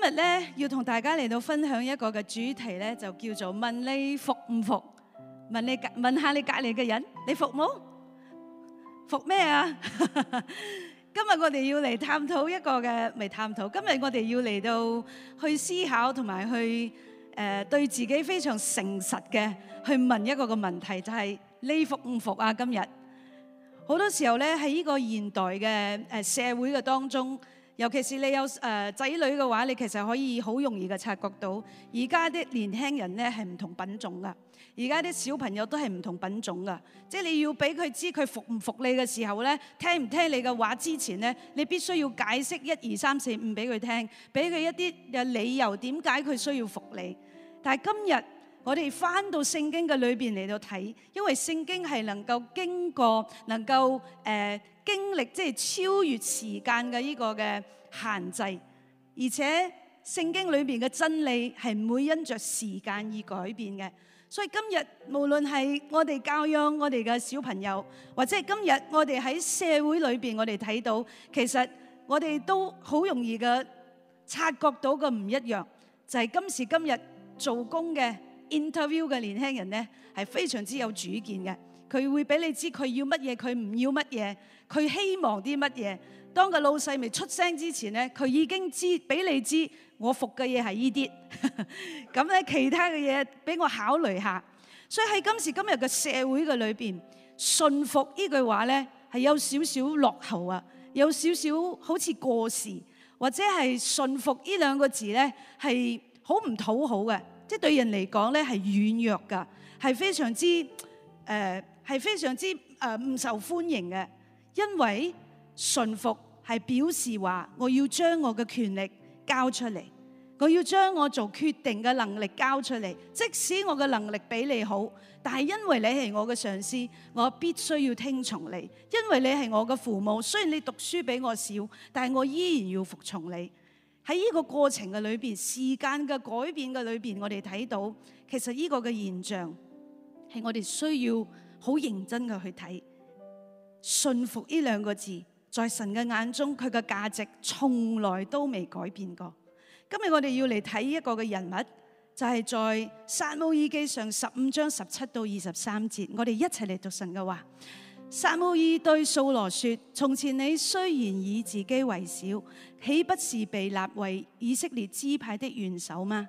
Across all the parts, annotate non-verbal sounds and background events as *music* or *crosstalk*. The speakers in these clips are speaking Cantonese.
今日咧要同大家嚟到分享一個嘅主題咧，就叫做問你服唔服？問你問下你隔籬嘅人，你服冇？服咩啊？ *laughs* 今日我哋要嚟探討一個嘅未探討，今日我哋要嚟到去思考同埋去誒、呃，對自己非常誠實嘅去問一個嘅問題，就係、是、你服唔服啊？今日好多時候咧喺呢個現代嘅誒、呃、社會嘅當中。尤其是你有誒仔女嘅話，你其實可以好容易嘅察覺到，而家啲年輕人呢，係唔同品種㗎；而家啲小朋友都係唔同品種㗎。即係你要畀佢知，佢服唔服你嘅時候呢，聽唔聽你嘅話之前呢，你必須要解釋一二三四五畀佢聽，畀佢一啲理由點解佢需要服你，但係今日，我哋翻到聖經嘅裏邊嚟到睇，因為聖經係能夠經過，能夠誒、呃、經歷，即係超越時間嘅呢個嘅限制，而且聖經裏邊嘅真理係唔會因着時間而改變嘅。所以今日無論係我哋教養我哋嘅小朋友，或者係今日我哋喺社會裏邊我哋睇到，其實我哋都好容易嘅察覺到嘅唔一樣，就係今時今日做工嘅。Interview 嘅年輕人咧，係非常之有主見嘅。佢會俾你知佢要乜嘢，佢唔要乜嘢，佢希望啲乜嘢。當個老細未出聲之前咧，佢已經知俾你知我服嘅嘢係依啲。咁咧，其他嘅嘢俾我考慮下。所以喺今時今日嘅社會嘅裏邊，信服呢句話咧係有少少落後啊，有少少好似過時，或者係信服呢兩個字咧係好唔討好嘅。即對人嚟講呢係軟弱㗎，係非常之、呃、是非常之唔、呃、受歡迎嘅。因為順服係表示話，我要將我嘅權力交出嚟，我要將我做決定嘅能力交出嚟。即使我嘅能力比你好，但係因為你係我嘅上司，我必須要聽從你。因為你係我嘅父母，雖然你讀書比我少，但係我依然要服從你。喺呢個過程嘅裏邊，時間嘅改變嘅裏邊，我哋睇到其實呢個嘅現象係我哋需要好認真嘅去睇。信服呢兩個字，在神嘅眼中，佢嘅價值從來都未改變過。今日我哋要嚟睇一個嘅人物，就係、是、在撒母耳記上十五章十七到二十三節，我哋一齊嚟讀神嘅話。撒母耳對掃羅說：從前你雖然以自己為小，豈不是被立為以色列支派的元首嗎？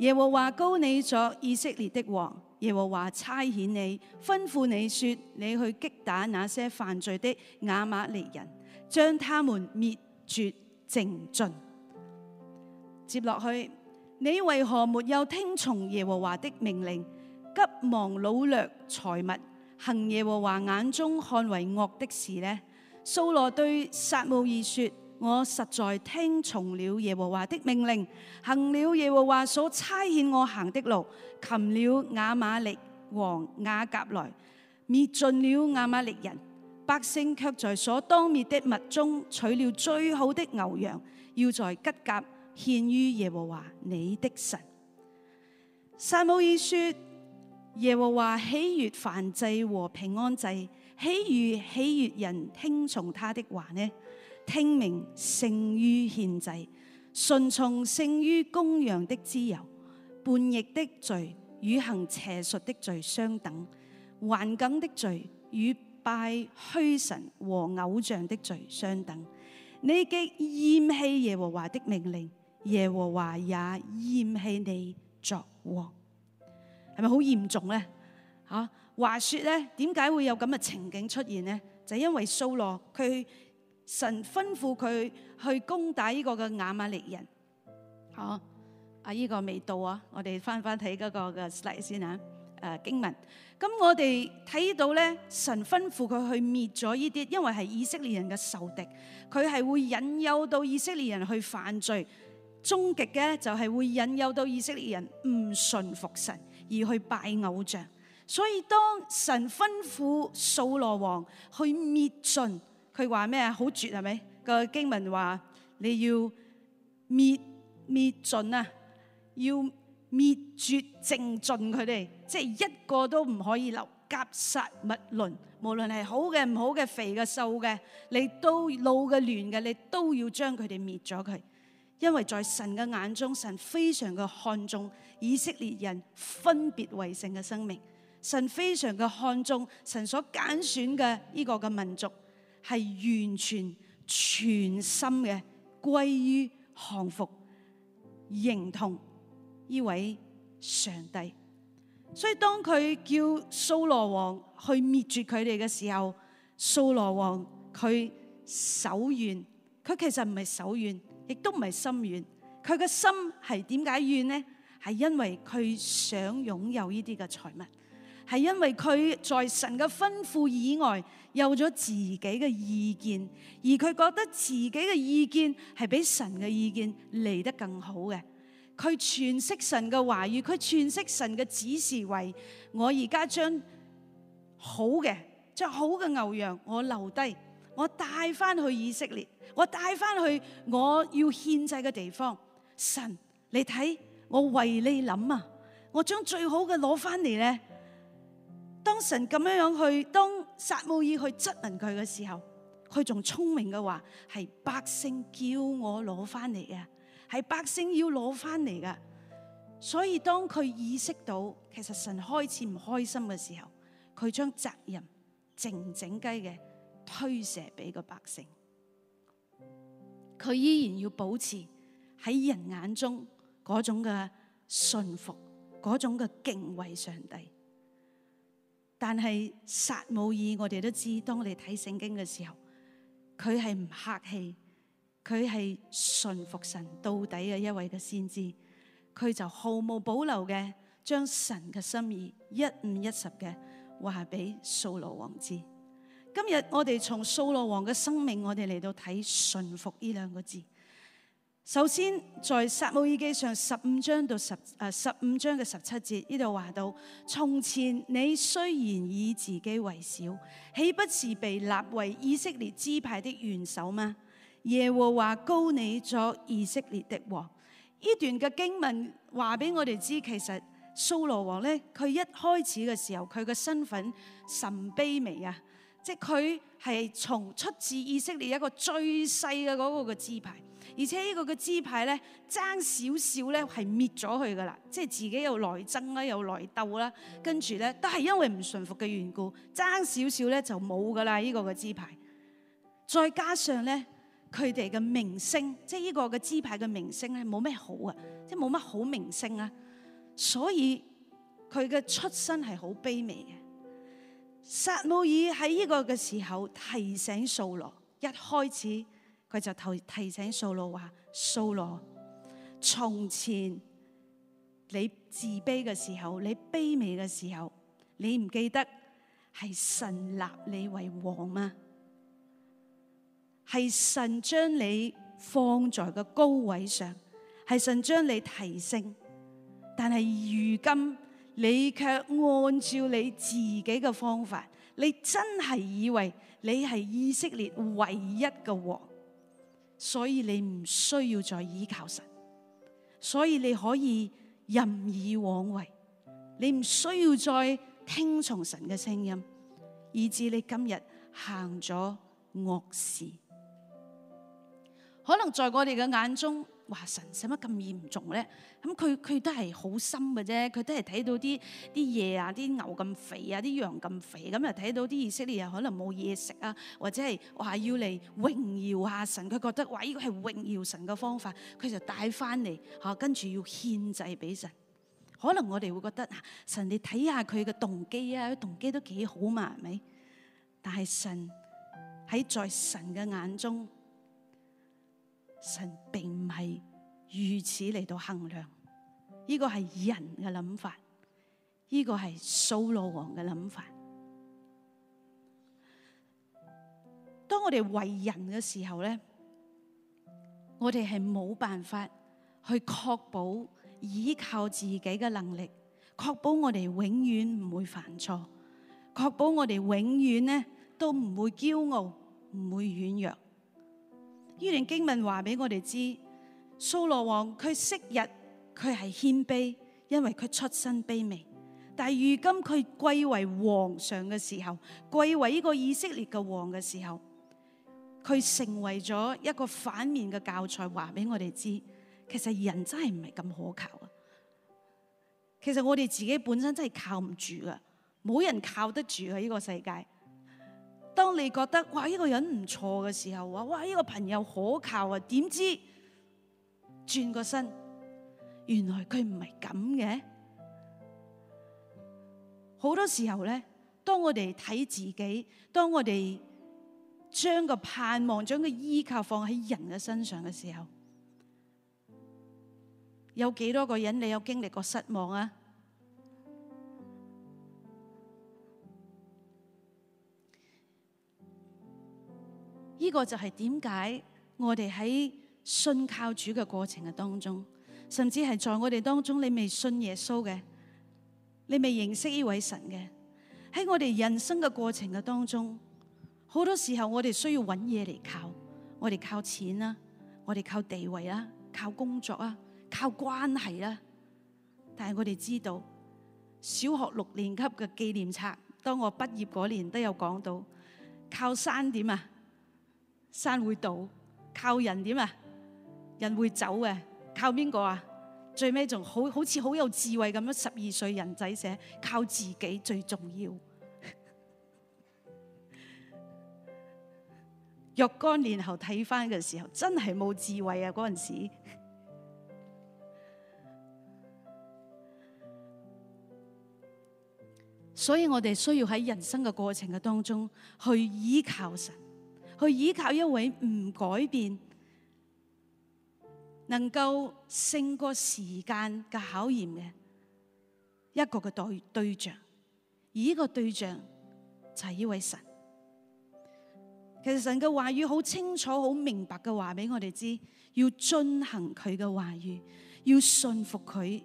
耶和華膏你作以色列的王，耶和華差遣你，吩咐你說：你去擊打那些犯罪的亞瑪利人，將他們滅絕淨盡。接落去，你為何沒有聽從耶和華的命令？急忙擄掠財物。行耶和華眼中看為惡的事呢？掃羅對撒母耳說：我實在聽從了耶和華的命令，行了耶和華所差遣我行的路，擒了亞瑪力王亞甲來，滅盡了亞瑪力人。百姓卻在所當滅的物中取了最好的牛羊，要在吉甲獻於耶和華你的神。撒母耳說。耶和華喜悅凡祭和平安祭喜悅喜悅人聽從他的話呢？聽命勝於獻祭，順從勝於公羊的脂油。叛逆的罪與行邪術的罪相等，頑梗的罪與拜虛神和偶像的罪相等。你既厭棄耶和華的命令，耶和華也厭棄你作王。係咪好嚴重咧？嚇、啊、話説咧，點解會有咁嘅情景出現咧？就係、因為蘇羅佢神吩咐佢去攻打呢個嘅亞瑪力人。哦，啊，呢、啊呢個未到啊，我哋翻翻睇嗰個嘅 slide 先啊。誒、啊、經文咁，我哋睇到咧，神吩咐佢去滅咗呢啲，因為係以色列人嘅仇敵，佢係會引誘到以色列人去犯罪，終極嘅就係會引誘到以色列人唔信服神。而去拜偶像，所以當神吩咐掃羅王去滅盡，佢話咩啊？好絕係咪？個經文話你要滅滅盡啊，要滅絕正盡佢哋，即係一個都唔可以留，夾殺勿論，無論係好嘅唔好嘅，肥嘅瘦嘅，你都老嘅嫩嘅，你都要將佢哋滅咗佢。因為在神嘅眼中，神非常嘅看重以色列人分別為聖嘅生命，神非常嘅看重神所揀選嘅呢個嘅民族，係完全全心嘅歸於降服、認同呢位上帝。所以當佢叫掃羅王去滅絕佢哋嘅時候，掃羅王佢手軟，佢其實唔係手軟。亦都唔係心軟，佢嘅心係點解軟呢？係因為佢想擁有呢啲嘅財物，係因為佢在神嘅吩咐以外有咗自己嘅意見，而佢覺得自己嘅意見係比神嘅意見嚟得更好嘅。佢詮釋神嘅話語，佢詮釋神嘅指示，為我而家將好嘅、將好嘅牛羊，我留低。我帶翻去以色列，我帶翻去我要獻祭嘅地方。神，你睇我為你諗啊！我將最好嘅攞翻嚟咧。當神咁樣樣去，當撒母耳去質問佢嘅時候，佢仲聰明嘅話係百姓叫我攞翻嚟嘅，係百姓要攞翻嚟噶。所以當佢意識到其實神開始唔開心嘅時候，佢將責任靜靜雞嘅。推卸俾個百姓，佢依然要保持喺人眼中嗰種嘅信服，嗰種嘅敬畏上帝。但係撒母耳，我哋都知，當我哋睇聖經嘅時候，佢係唔客氣，佢係信服神到底嘅一位嘅先知，佢就毫無保留嘅將神嘅心意一五一十嘅話俾掃羅王知。今日我哋從掃羅王嘅生命我來看，我哋嚟到睇順服呢兩個字。首先在，在撒母耳記上十五章到十誒十五章嘅十七節呢度話到：從前你雖然以自己為小，豈不是被立為以色列支派的元首嗎？耶和華高你作以色列的王。呢段嘅經文話俾我哋知，其實掃羅王呢，佢一開始嘅時候，佢嘅身份甚卑微啊。即係佢係從出自以色列一個最細嘅嗰個嘅支派，而且這個呢個嘅支派咧爭少少咧係滅咗佢噶啦，即係自己又內憎啦，又內鬥啦，跟住咧都係因為唔順服嘅緣故，爭少少咧就冇噶啦呢個嘅支派，再加上咧佢哋嘅名聲，即係呢個嘅支派嘅名聲咧冇咩好啊，即係冇乜好名聲啊，所以佢嘅出身係好卑微嘅。撒母耳喺呢個嘅時候提醒掃羅，一開始佢就提提醒掃羅話：掃羅，從前你自卑嘅時候，你卑微嘅時候，你唔記得係神立你為王嗎？係神將你放在個高位上，係神將你提升，但係如今。你卻按照你自己嘅方法，你真係以為你係以色列唯一嘅王，所以你唔需要再依靠神，所以你可以任意妄為，你唔需要再聽從神嘅聲音，以致你今日行咗惡事。可能在我哋嘅眼中。神使乜咁嚴重咧？咁佢佢都係好深嘅啫，佢都係睇到啲啲嘢啊，啲牛咁肥啊，啲羊咁肥，咁又睇到啲以色列人可能冇嘢食啊，或者係話要嚟榮耀下神，佢覺得話呢個係榮耀神嘅方法，佢就帶翻嚟吓，跟、啊、住要獻祭俾神。可能我哋會覺得啊，神你睇下佢嘅動機啊，啲動機都幾好嘛，係咪？但係神喺在在神嘅眼中。神並唔係如此嚟到，衡量，呢個係人嘅諗法，呢個係掃羅王嘅諗法。當我哋為人嘅時候咧，我哋係冇辦法去確保依靠自己嘅能力，確保我哋永遠唔會犯錯，確保我哋永遠咧都唔會驕傲，唔會軟弱。於連經文話俾我哋知，掃羅王佢昔日佢係謙卑，因為佢出身卑微。但係如今佢貴為皇上嘅時候，貴為呢個以色列嘅王嘅時候，佢成為咗一個反面嘅教材，話俾我哋知，其實人真係唔係咁可靠啊！其實我哋自己本身真係靠唔住㗎，冇人靠得住喺呢個世界。當你覺得哇，呢個人唔錯的時候，哇哇，呢個朋友可靠啊，點知轉個身，原來佢唔係噉嘅。好多時候咧，當我哋睇自己，當我哋將個盼望，將個依靠放喺人嘅身上的時候，有幾多個人你有經歷過失望啊？呢、個就係點解我哋喺信靠主嘅過程嘅當中，甚至係在我哋當中，你未信耶穌嘅，你未認識呢位神嘅，喺我哋人生嘅過程嘅當中，好多時候我哋需要揾嘢嚟靠，我哋靠錢啦、啊，我哋靠地位啦、啊，靠工作啦、啊，靠關係啦、啊。但係我哋知道，小學六年級嘅紀念冊，當我畢業嗰年都有講到，靠山點啊？山會倒，靠人點啊？人會走啊，靠邊個啊？最尾仲好好似好有智慧咁樣，十二歲人仔寫靠自己最重要。若 *laughs* 干年後睇翻嘅時候，時候真係冇智慧啊！嗰陣時，所以我哋需要喺人生嘅過程嘅當中去依靠神。去依靠一位唔改變、能夠勝過時間嘅考驗嘅一個嘅對對象，而呢個對象就係呢位神。其實神嘅話語好清楚、好明白嘅話俾我哋知，要進行佢嘅話語，要信服佢。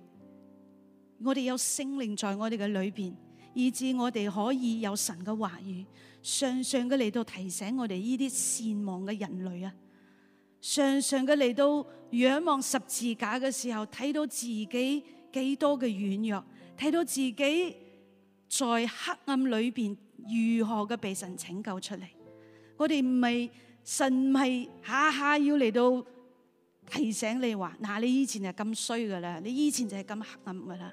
我哋有聖靈在我哋嘅裏邊，以至我哋可以有神嘅話語。常常嘅嚟到提醒我哋呢啲善忘嘅人類啊，常常嘅嚟到仰望十字架嘅時候，睇到自己幾多嘅軟弱，睇到自己在黑暗裏邊如何嘅被神拯救出嚟。我哋唔係神唔係下下要嚟到提醒你話，嗱你以前就係咁衰噶啦，你以前就係咁黑暗噶啦。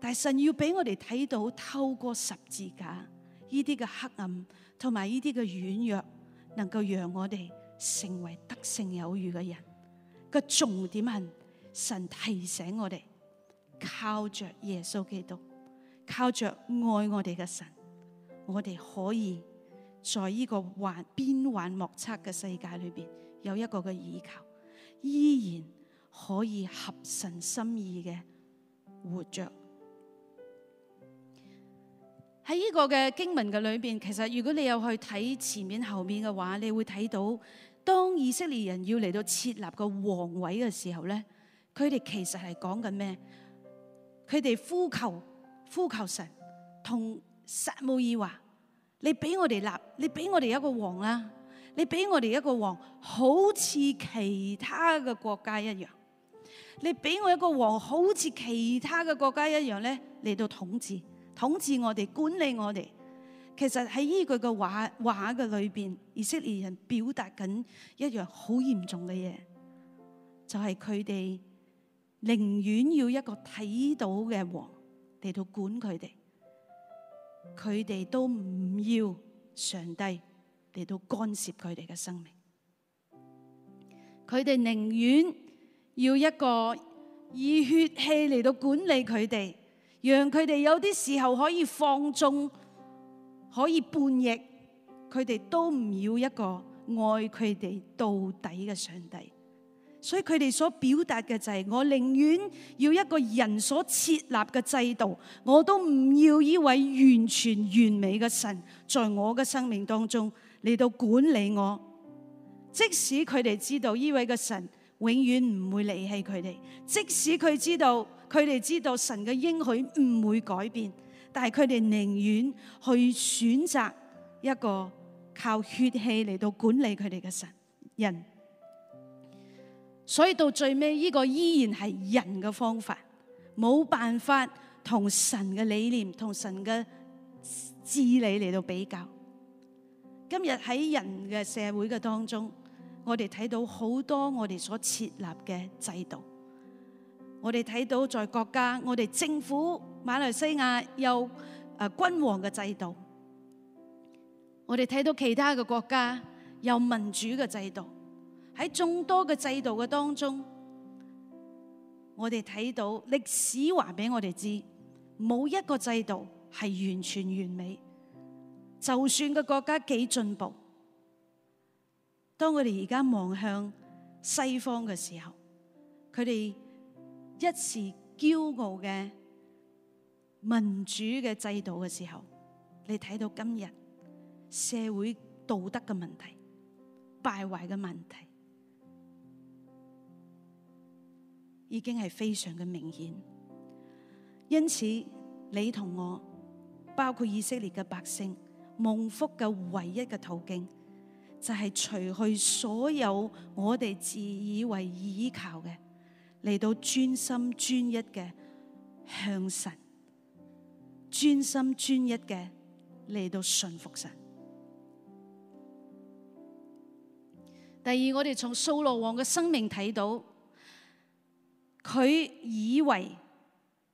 但係神要俾我哋睇到，透過十字架。呢啲嘅黑暗同埋呢啲嘅軟弱，能夠讓我哋成為得勝有餘嘅人。個重點係神提醒我哋，靠着耶穌基督，靠着愛我哋嘅神，我哋可以在呢個變幻莫測嘅世界裏邊，有一個嘅倚靠，依然可以合神心意嘅活着。喺呢個嘅經文嘅裏邊，其實如果你有去睇前面後面嘅話，你會睇到當以色列人要嚟到設立個王位嘅時候咧，佢哋其實係講緊咩？佢哋呼求呼求神，同撒母耳話：你俾我哋立，你俾我哋一個王啦，你俾我哋一個王，好似其他嘅國家一樣，你俾我一個王，好似其他嘅國家一樣咧嚟到統治。統治我哋、管理我哋，其實喺呢句嘅話話嘅裏邊，以色列人表達緊一樣好嚴重嘅嘢，就係佢哋寧願要一個睇到嘅王嚟到管佢哋，佢哋都唔要上帝嚟到干涉佢哋嘅生命，佢哋寧願要一個以血氣嚟到管理佢哋，讓佢哋有啲時候可以放縱，可以叛逆，佢哋都唔要一個愛佢哋到底嘅上帝。所以佢哋所表達嘅就係、是，我寧願要一個人所設立嘅制度，我都唔要呢位完全完美嘅神，在我嘅生命當中嚟到管理我。即使佢哋知道呢位嘅神永遠唔會離棄佢哋，即使佢知道。佢哋知道神嘅應許唔會改變，但係佢哋寧願去選擇一個靠血氣嚟到管理佢哋嘅神人，所以到最尾呢個依然係人嘅方法，冇辦法同神嘅理念同神嘅治理嚟到比較。今日喺人嘅社會嘅當中，我哋睇到好多我哋所設立嘅制度。我哋睇到在國家，我哋政府馬來西亞有啊君王嘅制度。我哋睇到其他嘅國家有民主嘅制度。喺眾多嘅制度嘅當中，我哋睇到歷史話俾我哋知，冇一個制度係完全完美。就算個國家幾進步，當我哋而家望向西方嘅時候，佢哋。一時驕傲嘅民主嘅制度嘅時候，你睇到今日社會道德嘅問題、敗壞嘅問題，已經係非常嘅明顯。因此，你同我，包括以色列嘅百姓，蒙福嘅唯一嘅途徑，就係除去所有我哋自以為依靠嘅。嚟到專心專一嘅向神，專心專一嘅嚟到順服神。第二，我哋從掃羅王嘅生命睇到，佢以為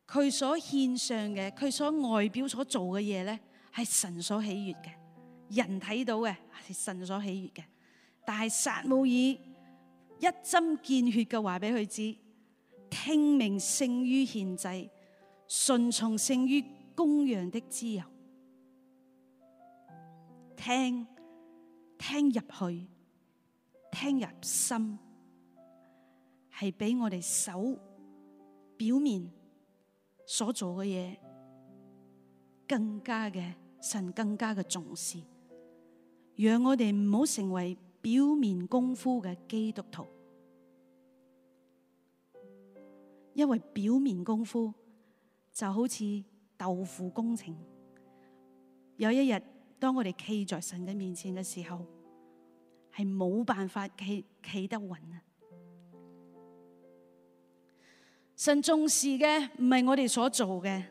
佢所獻上嘅，佢所外表所做嘅嘢咧，係神所喜悅嘅，人睇到嘅係神所喜悅嘅。但係撒母耳一針見血嘅話俾佢知。聽命勝於獻祭，順從勝於公羊的自由。聽聽入去，聽入心，係俾我哋手表面所做嘅嘢，更加嘅神更加嘅重視，讓我哋唔好成為表面功夫嘅基督徒。因為表面功夫就好似豆腐工程，有一日當我哋企在神嘅面前嘅時候，係冇辦法企得穩。神重視嘅唔係我哋所做嘅。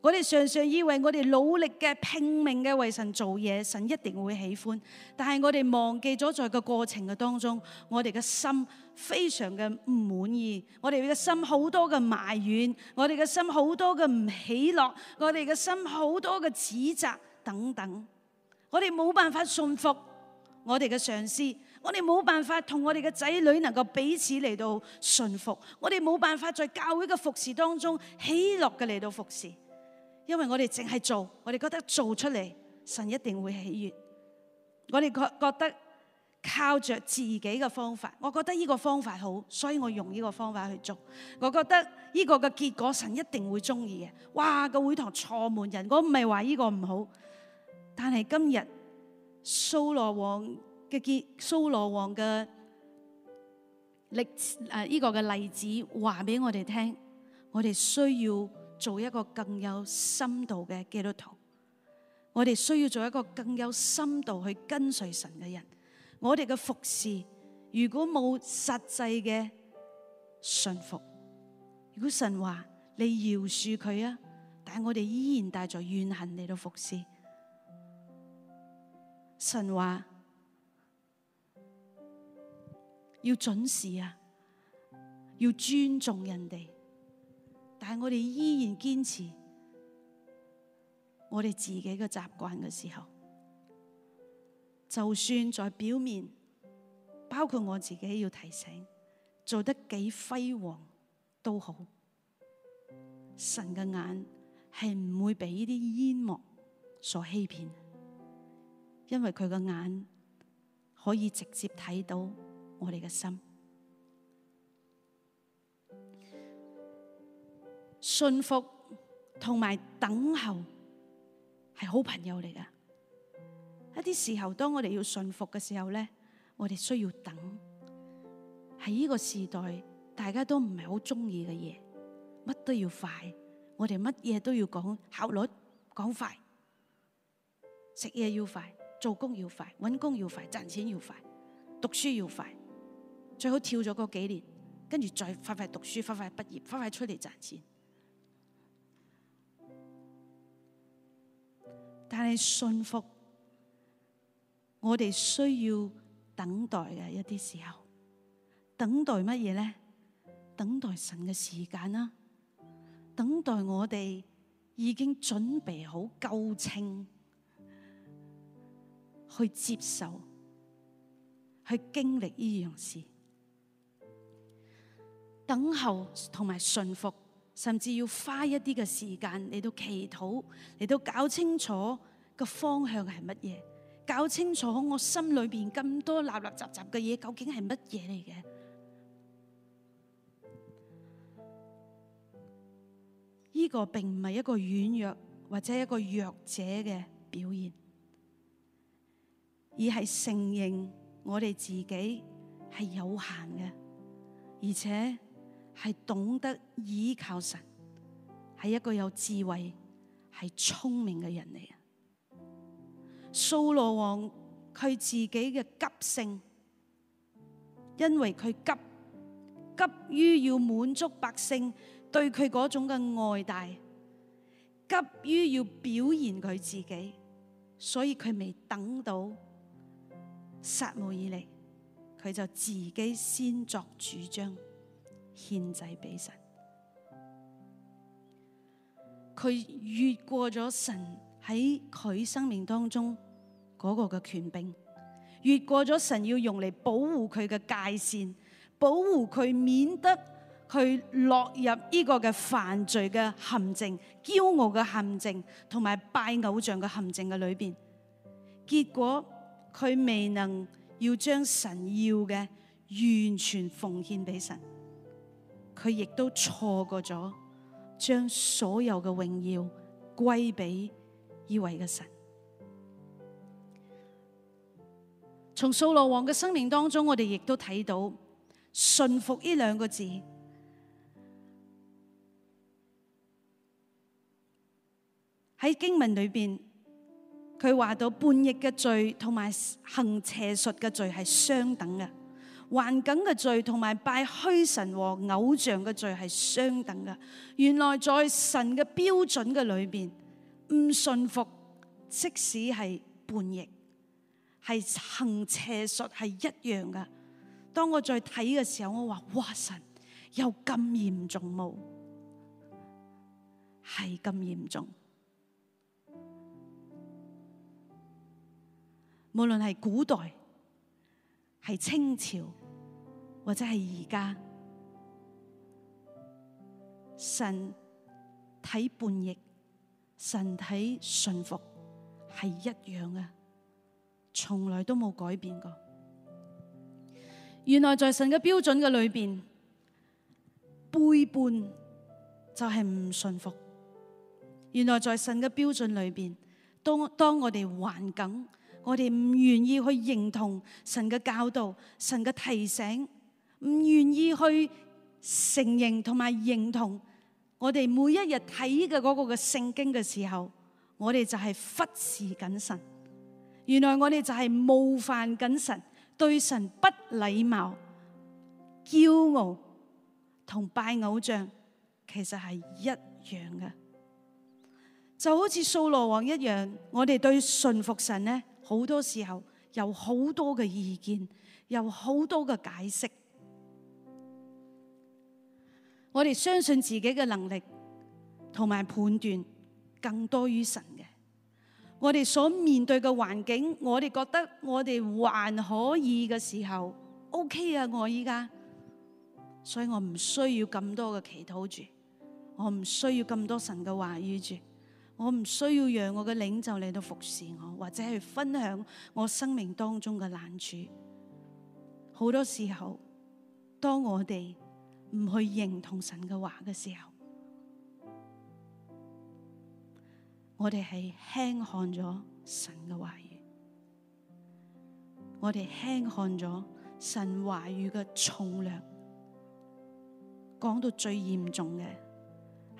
我哋常常以為我哋努力嘅，拼命嘅為神做嘢，神一定會喜歡。但係我哋忘記咗在這個過程嘅當中，我哋嘅心非常嘅唔滿意，我哋嘅心好多嘅埋怨，我哋嘅心好多嘅唔喜樂，我哋嘅心好多嘅指責等等。我哋冇辦法順服我哋嘅上司，我哋冇辦法同我哋嘅仔女能夠彼此嚟到順服，我哋冇辦法在教會嘅服侍當中喜樂嘅嚟到服侍。因為我哋淨係做，我哋覺得做出嚟神一定會喜悅。我哋覺覺得靠着自己嘅方法，我覺得呢個方法好，所以我用呢個方法去做。我覺得呢個嘅結果神一定會中意嘅。哇！個會堂坐滿人，我唔係話呢個唔好，但係今日蘇羅王嘅結，蘇羅王嘅例誒，呢個嘅例子話俾我哋聽，我哋需要。做一個更有深度嘅基督徒，我哋需要做一個更有深度去跟隨神嘅人。我哋嘅服侍如果冇實際嘅順服，如果神話你饒恕佢啊，但我哋依然帶住怨恨嚟到服侍。神話要準時啊，要尊重人哋。但係我哋依然堅持我哋自己嘅習慣嘅時候，就算在表面，包括我自己要提醒，做得幾輝煌都好，神嘅眼係唔會俾啲煙幕所欺騙，因為佢嘅眼可以直接睇到我哋嘅心。信服同埋等候係好朋友嚟㗎。一啲時候，當我哋要信服嘅時候咧，我哋需要等。喺呢個時代，大家都唔係好中意嘅嘢，乜都要快。我哋乜嘢都要講效率，講快。食嘢要快，做工要快，搵工要快，賺錢要快，讀書要快。最好跳咗嗰幾年，跟住再快快讀書，快快畢業，快快出嚟賺錢。但係信服，我哋需要等待嘅一啲時候，等待乜嘢咧？等待神嘅時間啦，等待我哋已經準備好夠清去接受、去經歷呢樣事，等候同埋信服。甚至要花一啲嘅時間嚟到祈禱，嚟到搞清楚個方向係乜嘢，搞清楚我心裏邊咁多立立雜雜嘅嘢究竟係乜嘢嚟嘅？呢個並唔係一個軟弱或者一個弱者嘅表現，而係承認我哋自己係有限嘅，而且。係懂得倚靠神，係一個有智慧、係聰明嘅人嚟啊！掃羅王佢自己嘅急性，因為佢急急於要滿足百姓對佢嗰種嘅愛戴，急於要表現佢自己，所以佢未等到，撒母耳嚟，佢就自己先作主張。獻祭俾神，佢越過咗神喺佢生命當中嗰個嘅權柄，越過咗神要用嚟保護佢嘅界線，保護佢免得佢落入呢個嘅犯罪嘅陷阱、驕傲嘅陷阱，同埋拜偶像嘅陷阱嘅裏邊。結果佢未能要將神要嘅完全奉獻俾神。佢亦都錯過咗將所有嘅榮耀歸俾呢位嘅神。從掃羅王嘅生命當中，我哋亦都睇到順服，呢兩個字喺經文裏邊，佢話到叛逆嘅罪同埋行邪術嘅罪係相等嘅。環境嘅罪同埋拜虛神和偶像嘅罪係相等嘅。原來在神嘅標準嘅裏邊，唔信服即使係叛逆，係行邪術係一樣嘅。當我再睇嘅時候，我說，我話，哇！神有咁嚴重冇？係咁嚴重。無論係古代。係清朝或者係而家，神體叛逆，神體順服係一樣嘅，從來都冇改變過。原來在神嘅標準嘅裏邊，背叛就係唔順服。原來在神嘅標準裏邊，當當我哋環境。我哋唔願意去認同神嘅教導、神嘅提醒，唔願意去承認同埋認同我哋每一日睇嘅嗰個嘅聖經嘅時候，我哋就係忽視緊神。原來我哋就係冒犯緊神，對神不禮貌、驕傲同拜偶像，其實係一樣嘅。就好似掃羅王一樣，我哋對順服神呢，好多時候有好多嘅意見，有好多嘅解釋。我哋相信自己嘅能力同埋判斷更多於神嘅。我哋所面對嘅環境，我哋覺得我哋還可以嘅時候，OK 啊！我依家、啊，所以我唔需要咁多嘅祈禱住，我唔需要咁多神嘅話語住。我唔需要讓我嘅領袖嚟到服侍我，或者去分享我生命當中嘅難處。好多時候，當我哋唔去認同神嘅話嘅時候，我哋係輕看咗神嘅話語，我哋輕看咗神話語嘅重量。講到最嚴重嘅，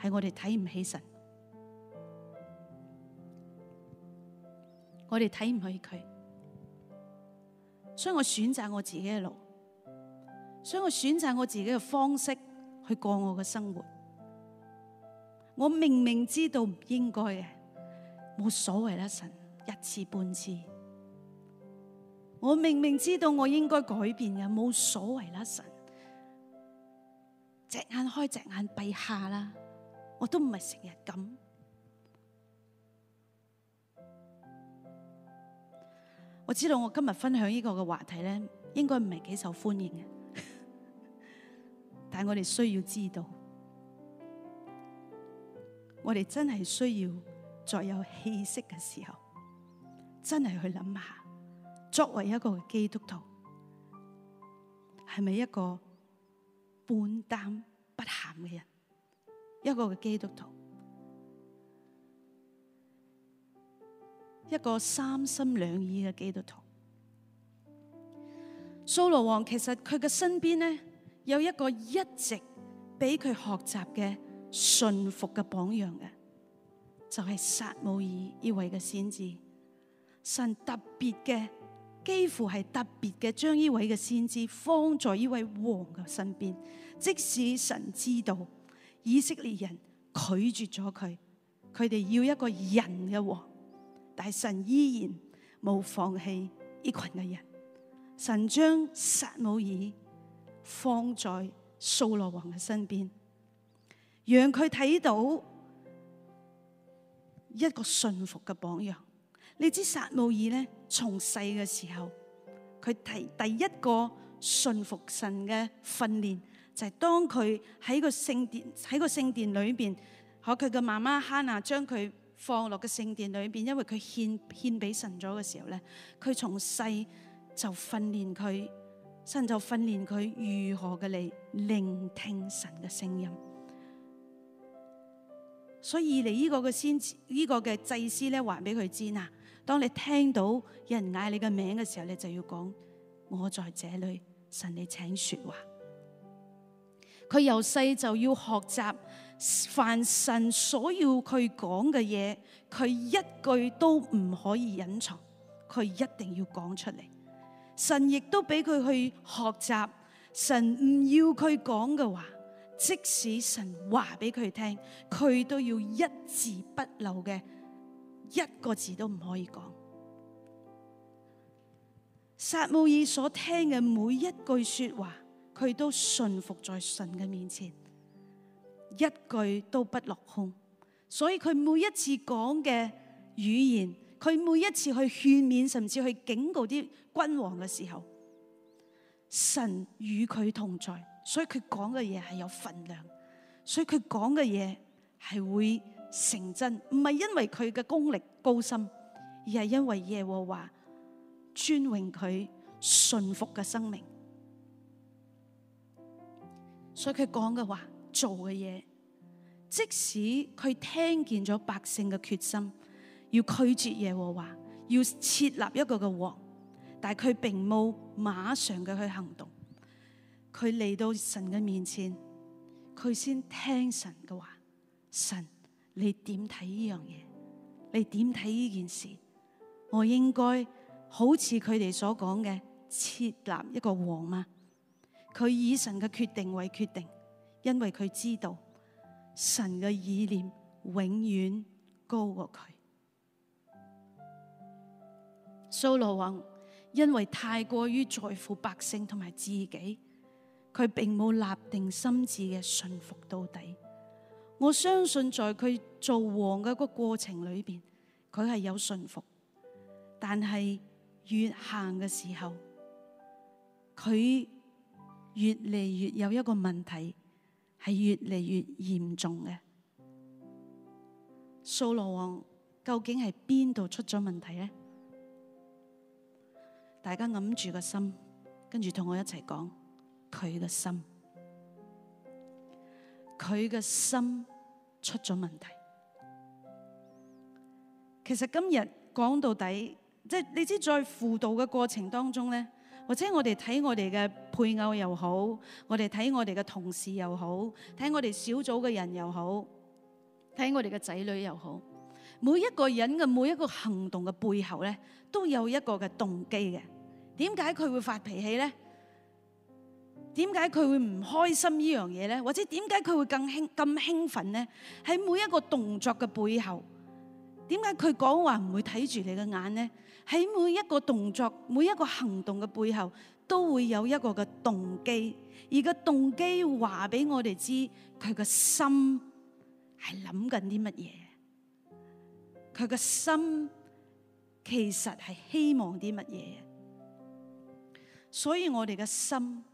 係我哋睇唔起神。我哋睇唔起佢，所以我選擇我自己嘅路，所以我選擇我自己嘅方式去過我嘅生活。我明明知道唔應該嘅，冇所謂啦，神一次半次。我明明知道我應該改變嘅，冇所謂啦，神。隻眼開，隻眼閉下啦，我都唔係成日咁。我知道我今日分享呢個嘅話題咧，應該唔係幾受歡迎嘅，但係我哋需要知道，我哋真係需要在有氣息嘅時候，真係去諗下，作為一個基督徒，係咪一個半擔不鹹嘅人，一個嘅基督徒。一個三心兩意嘅基督徒，掃羅王其實佢嘅身邊咧，有一個一直俾佢學習嘅信服嘅榜樣嘅，就係撒母耳呢位嘅先知。神特別嘅，幾乎係特別嘅，將呢位嘅先知放在呢位王嘅身邊，即使神知道以色列人拒絕咗佢，佢哋要一個人嘅王。但係神依然冇放棄呢群嘅人，神將撒母耳放在掃羅王嘅身邊，讓佢睇到一個信服嘅榜樣。你知撒母耳咧，從細嘅時候，佢第第一個信服神嘅訓練，就係當佢喺個聖殿喺個聖殿裏邊，可佢嘅媽媽哈娜將佢。放落嘅聖殿裏邊，因為佢獻獻俾神咗嘅時候咧，佢從細就訓練佢，神就訓練佢如何嘅嚟聆聽神嘅聲音。所以你呢個嘅先呢、這個嘅祭司咧，話俾佢知嗱，當你聽到有人嗌你嘅名嘅時候，你就要講，我在這裏，神你請說話。佢由細就要學習。凡神所要佢講嘅嘢，佢一句都唔可以隱藏，佢一定要講出嚟。神亦都俾佢去學習。神唔要佢講嘅話，即使神話俾佢聽，佢都要一字不漏嘅，一個字都唔可以講。撒母耳所聽嘅每一句說話，佢都信服在神嘅面前。一句都不落空，所以佢每一次講嘅語言，佢每一次去勸勉，甚至去警告啲君王嘅時候，神與佢同在，所以佢講嘅嘢係有分量，所以佢講嘅嘢係會成真，唔係因為佢嘅功力高深，而係因為耶和華尊榮佢順服嘅生命，所以佢講嘅話。做嘅嘢，即使佢聽見咗百姓嘅決心，要拒絕耶和華，要設立一個嘅王，但係佢並冇馬上嘅去行動。佢嚟到神嘅面前，佢先聽神嘅話。神，你點睇呢樣嘢？你點睇呢件事？我應該好似佢哋所講嘅設立一個王嗎？佢以神嘅決定為決定。因為佢知道神嘅意念永遠高過佢。掃羅王因為太過於在乎百姓同埋自己，佢並冇立定心志嘅信服到底。我相信在佢做王嘅一個過程裏邊，佢係有信服，但係越行嘅時候，佢越嚟越有一個問題。係越嚟越嚴重嘅，掃羅王究竟係邊度出咗問題咧？大家揞住個心，着跟住同我一齊講佢嘅心，佢嘅心出咗問題。其實今日講到底，即係你知，在輔導嘅過程當中咧。或者我哋睇我哋嘅配偶又好，我哋睇我哋嘅同事又好，睇我哋小組嘅人又好，睇我哋嘅仔女又好，每一個人嘅每一個行動嘅背後咧，都有一個嘅動機嘅。點解佢會發脾氣咧？點解佢會唔開心這事呢樣嘢咧？或者點解佢會更興咁興奮咧？喺每一個動作嘅背後，點解佢講話唔會睇住你嘅眼咧？喺每一個動作、每一個行動嘅背後，都會有一個嘅動機，而個動機話俾我哋知佢個心係諗緊啲乜嘢，佢個心其實係希望啲乜嘢，所以我哋嘅心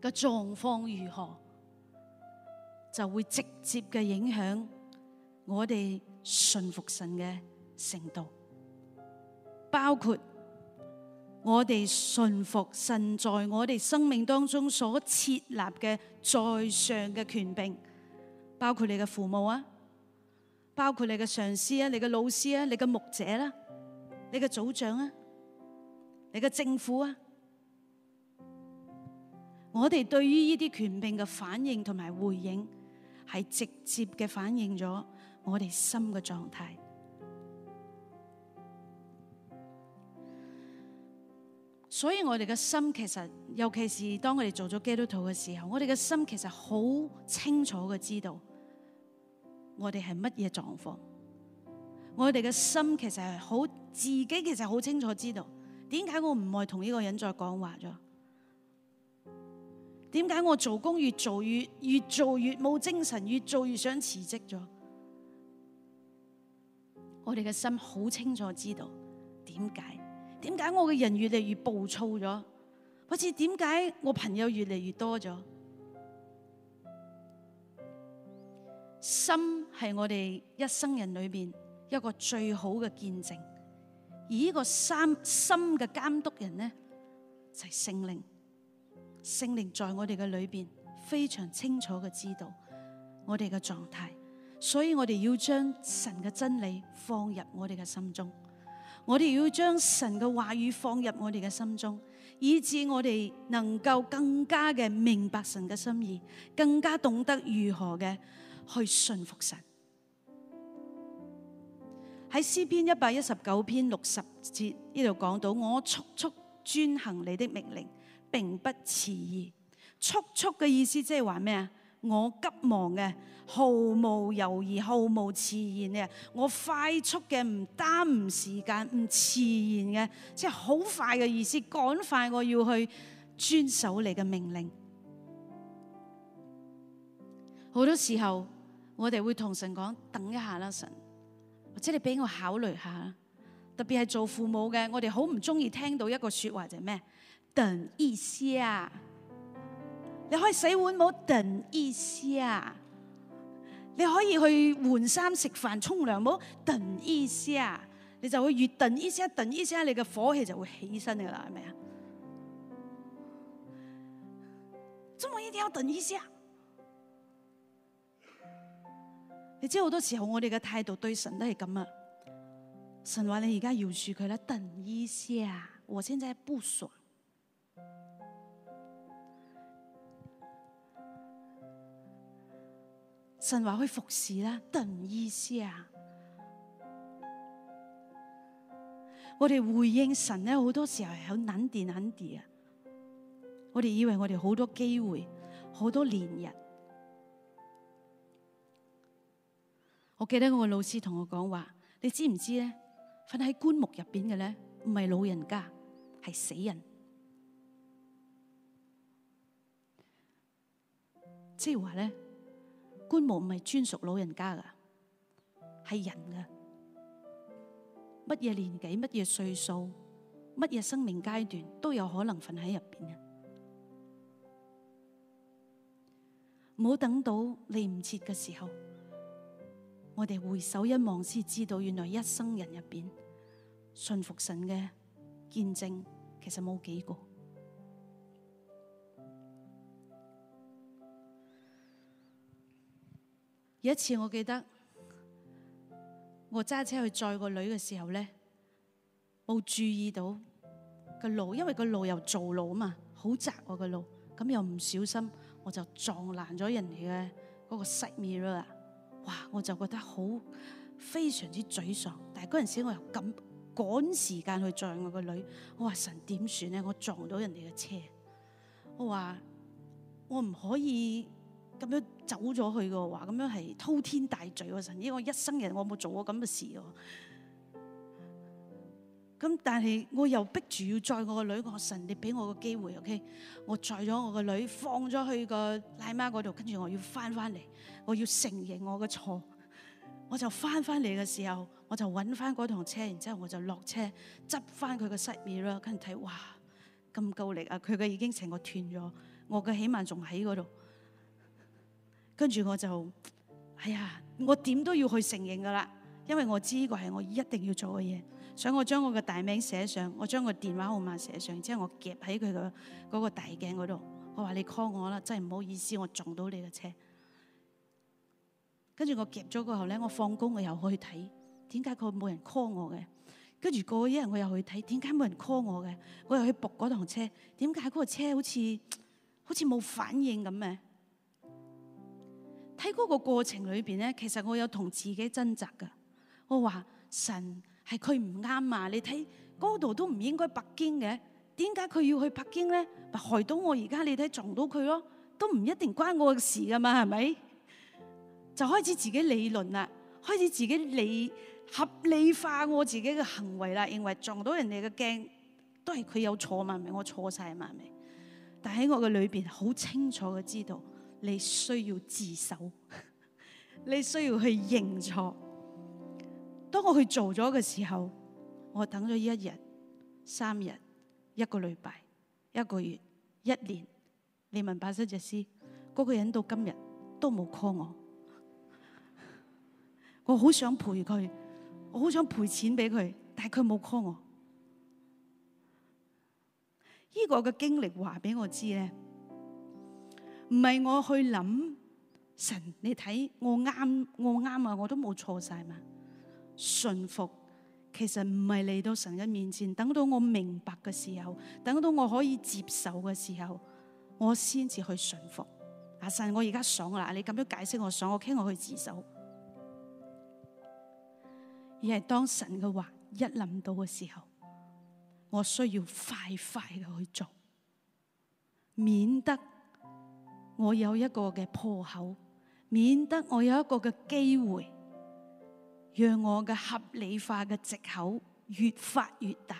嘅狀況如何，就會直接嘅影響我哋信服神嘅程度。包括我哋順服神在我哋生命當中所設立嘅在上嘅權柄，包括你嘅父母啊，包括你嘅上司啊，你嘅老師啊，你嘅牧者啦、啊，你嘅組長啊，你嘅政府啊，我哋對於呢啲權柄嘅反應同埋回應，係直接嘅反映咗我哋心嘅狀態。所以我哋嘅心其實，尤其是當我哋做咗基督徒嘅時候，我哋嘅心其實好清楚嘅知道，我哋係乜嘢狀況。我哋嘅心其實係好自己，其實好清楚知道，點解我唔愛同呢個人再講話咗？點解我做工越做越越做越冇精神，越做越想辭職咗？我哋嘅心好清楚知道點解。為什麼點解我嘅人越嚟越暴躁咗？好似點解我嘅朋友越嚟越多咗？心係我哋一生人裏邊一個最好嘅見證，而呢個三心嘅監督人呢，就係聖靈。聖靈在我哋嘅裏邊非常清楚嘅知道我哋嘅狀態，所以我哋要將神嘅真理放入我哋嘅心中。我哋要將神嘅話語放入我哋嘅心中，以致我哋能夠更加嘅明白神嘅心意，更加懂得如何嘅去信服神。喺詩篇一百一十九篇六十節呢度講到，我速速遵行你的命令，並不遲疑。速速嘅意思即係話咩啊？我急忙嘅，毫無猶豫，毫無遲延嘅，我快速嘅，唔耽誤時間，唔遲延嘅，即係好快嘅意思，趕快我要去遵守你嘅命令。好多時候我哋會同神講等一下啦，神或者你俾我考慮下啦。特別係做父母嘅，我哋好唔中意聽到一個説話就係咩，等一下。你可以洗碗冇，等一下，你可以去換衫、食飯、沖涼冇，等一下，你就會越等一下、等一下，你嘅火氣就會起身噶啦，係咪啊？做乜一定要等一下。你知好多時候我哋嘅態度對神都係咁啊！神話你而家饒恕佢啦，等一下，我現在不爽。神話去服侍啦，得唔意思啊？我哋回應神咧，好多時候係好難地難地啊！我哋以為我哋好多機會，好多年日。我記得我個老師同我講話，你知唔知咧？瞓喺棺木入邊嘅咧，唔係老人家，係死人。即係話咧。棺木唔係專屬老人家噶，係人噶，乜嘢年紀、乜嘢歲數、乜嘢生命階段都有可能瞓喺入邊嘅。冇等到嚟唔切嘅時候，我哋回首一望先知道，原來一生人入邊信服神嘅見證，其實冇幾個。有一次我記得我揸車去載個女嘅時候咧，冇注意到個路，因為個路又做路啊嘛，好窄個、啊、路，咁又唔小心我就撞爛咗人哋嘅嗰個 side mirror 啦，哇！我就覺得好非常之沮喪，但係嗰陣時候我又咁趕時間去載我個女，我話，神點算咧？我撞到人哋嘅車，我話我唔可以。咁樣走咗去嘅話，咁樣係滔天大罪喎！神，咦，我一生人我冇做過咁嘅事喎。咁但係我又逼住要載我個女，個神，你俾我個機會，OK？我載咗我個女，放咗去個奶媽嗰度，跟住我要翻翻嚟，我要承認我嘅錯。我就翻翻嚟嘅時候，我就揾翻嗰趟車，然之後我就落車執翻佢個失物啦。跟住睇，哇，咁夠力啊！佢嘅已經成個斷咗，我嘅起碼仲喺嗰度。跟住我就，哎呀，我點都要去承認噶啦，因為我知呢個係我一定要做嘅嘢，所以我將我嘅大名寫上，我將個電話號碼寫上，然之後我夾喺佢嘅嗰個大鏡嗰度。我話你 call 我啦，真係唔好意思，我撞到你嘅車。跟住我夾咗之後咧，我放工我又去睇，點解佢冇人 call 我嘅？跟住過一日我又去睇，點解冇人 call 我嘅？我又去駁嗰趟車，點解嗰個車好似好似冇反應咁嘅？睇嗰個過程裏邊咧，其實我有同自己掙扎噶。我話神係佢唔啱啊！你睇嗰度都唔應該北京嘅，點解佢要去北京咧？咪害到我而家？你睇撞到佢咯，都唔一定關我嘅事噶嘛，係咪？就開始自己理論啦，開始自己理合理化我自己嘅行為啦，認為撞到人哋嘅鏡都係佢有錯嘛？明咪？我錯曬嘛？係咪？但喺我嘅裏邊，好清楚嘅知道。你需要自首，你需要去認錯。當我去做咗嘅時候，我等咗一日、三日、一個禮拜、一個月、一年。你問辦公室律師，嗰、那個人到今日都冇 call 我。我好想賠佢，我好想賠錢俾佢，但係佢冇 call 我。依、這個嘅經歷話俾我知咧。唔係我去諗神，你睇我啱我啱啊，我都冇錯晒嘛！順服其實唔係嚟到神嘅面前，等到我明白嘅時候，等到我可以接受嘅時候，我先至去順服啊！神，我而家想啦，你咁樣解釋我想，我傾我去自首，而係當神嘅話一諗到嘅時候，我需要快快嘅去做，免得。我有一個嘅破口，免得我有一個嘅機會，讓我嘅合理化嘅藉口越發越大。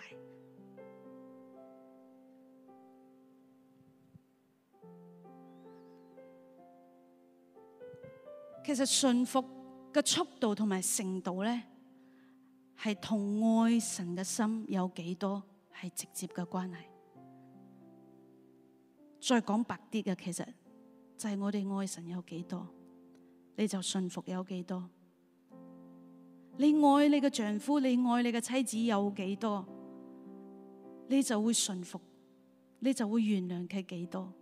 其實信服嘅速度同埋程度呢，係同愛神嘅心有幾多係直接嘅關係。再講白啲嘅，其實。就係我哋愛神有幾多，你就信服有幾多。你愛你嘅丈夫，你愛你嘅妻子有幾多，你就會信服，你就會原諒佢幾多。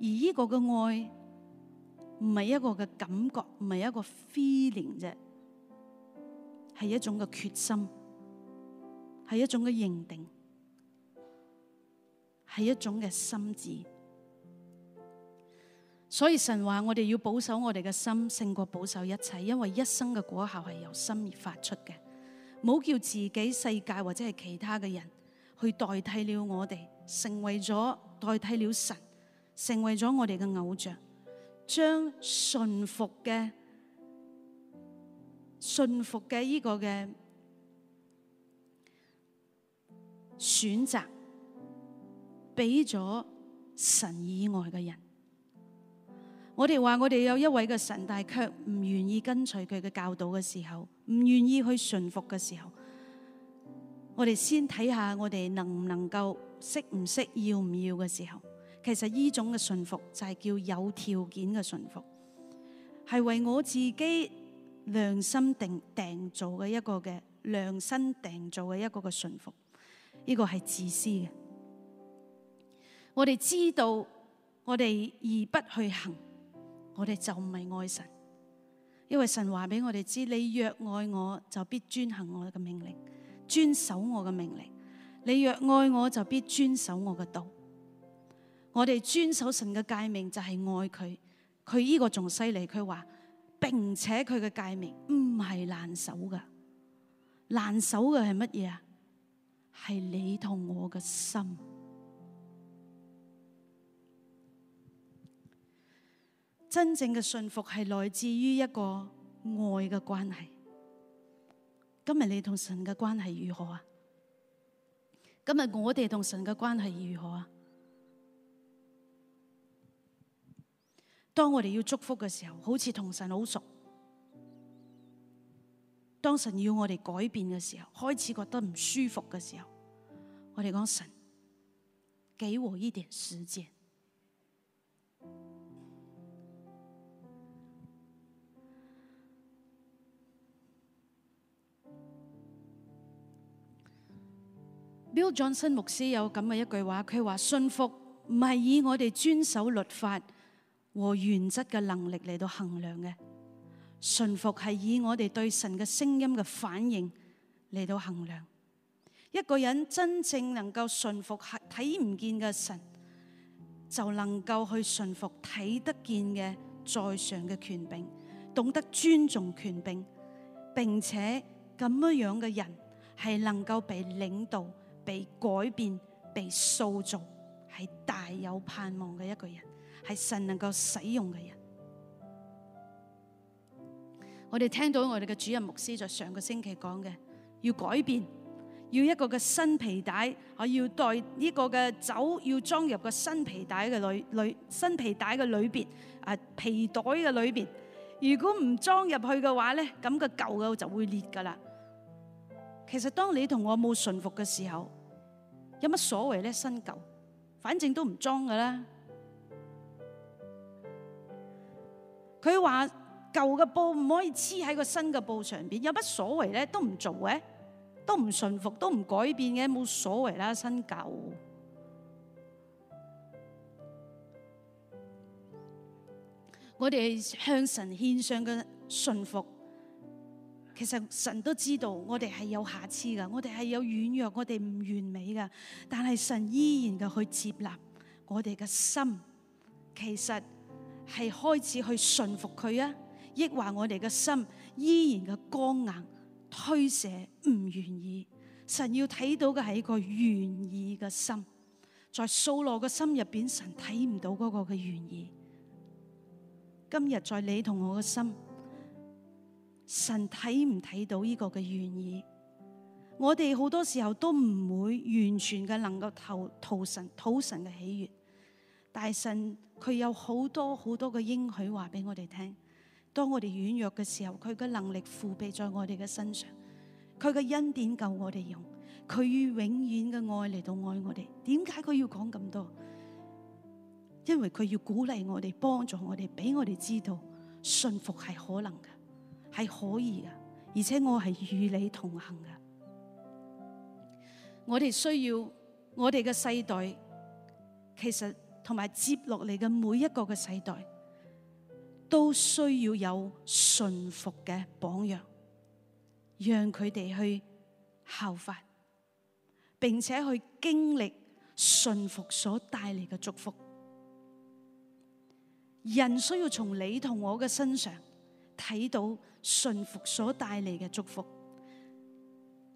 而呢個嘅愛唔係一個嘅感覺，唔係一個 feeling 啫，係一種嘅決心，係一種嘅認定，係一種嘅心智。所以神話我哋要保守我哋嘅心勝過保守一切，因為一生嘅果效係由心而發出嘅。唔好叫自己世界或者係其他嘅人去代替了我哋，成為咗代替了神，成為咗我哋嘅偶像，將順服嘅順服嘅呢個嘅選擇俾咗神以外嘅人。我哋話我哋有一位嘅神，但係卻唔願意跟隨佢嘅教導嘅時候，唔願意去順服嘅時候，我哋先睇下我哋能唔能夠識唔識要唔要嘅時候。其實呢種嘅順服就係叫有條件嘅順服，係為我自己量身定訂做嘅一個嘅量身訂做嘅一個嘅順服，呢個係自私嘅。我哋知道，我哋而不去行。我哋就唔係愛神，因為神話俾我哋知，你若愛我就必遵行我嘅命令，遵守我嘅命令。你若愛我就必遵守我嘅道。我哋遵守神嘅誡命就係愛佢，佢呢個仲犀利，佢話，並且佢嘅誡命唔係難守㗎，難守嘅係乜嘢啊？係你同我嘅心。真正嘅信服係來自於一個愛嘅關係。今日你同神嘅關係如何啊？今日我哋同神嘅關係如何啊？當我哋要祝福嘅時候，好似同神好熟；當神要我哋改變嘅時候，開始覺得唔舒服嘅時候，我哋講神，給我一點時間。Bill Johnson 牧師有咁嘅一句話，佢話，信服唔係以我哋遵守律法和原則嘅能力嚟到衡量嘅，信服係以我哋對神嘅聲音嘅反應嚟到衡量。一個人真正能夠信服係睇唔見嘅神，就能夠去信服睇得見嘅在上嘅權柄，懂得尊重權柄，並且咁樣樣嘅人係能夠被領導被改變、被塑造，係大有盼望嘅一個人，係神能夠使用嘅人。我哋聽到我哋嘅主任牧師在上個星期講嘅，要改變，要一個嘅新皮帶，我要代呢個嘅酒要裝入個新皮帶嘅裏裏，新皮帶嘅裏邊啊，皮袋嘅裏邊，如果唔裝入去嘅話咧，咁個舊嘅就會裂噶啦。其實當你同我冇順服嘅時候，有乜所謂咧？新舊，反正都唔裝噶啦。佢話舊嘅布唔可以黐喺個新嘅布上邊，有乜所謂咧？都唔做嘅，都唔順服，都唔改變嘅，冇所謂啦。新舊，我哋向神獻上嘅順服。其實神都知道我哋係有瑕疵噶，我哋係有軟弱，我哋唔完美噶。但係神依然嘅去接納我哋嘅心，其實係開始去順服佢啊！亦話我哋嘅心依然嘅剛硬，推卸唔願意。神要睇到嘅係一個願意嘅心，在掃羅嘅心入邊，神睇唔到嗰個嘅願意。今日在你同我嘅心。神睇唔睇到呢個嘅願意？我哋好多時候都唔會完全嘅能夠討討神、討神嘅喜悅。大神佢有好多好多嘅應許話俾我哋聽。當我哋軟弱嘅時候，佢嘅能力覆庇在我哋嘅身上，佢嘅恩典夠我哋用。佢以永遠嘅愛嚟到愛我哋。點解佢要講咁多？因為佢要鼓勵我哋，幫助我哋，俾我哋知道信服係可能嘅。係可以噶，而且我係與你同行噶。我哋需要，我哋嘅世代，其實同埋接落嚟嘅每一個嘅世代，都需要有順服嘅榜樣，讓佢哋去效法，並且去經歷順服所帶嚟嘅祝福。人需要從你同我嘅身上。睇到順服所帶嚟嘅祝福，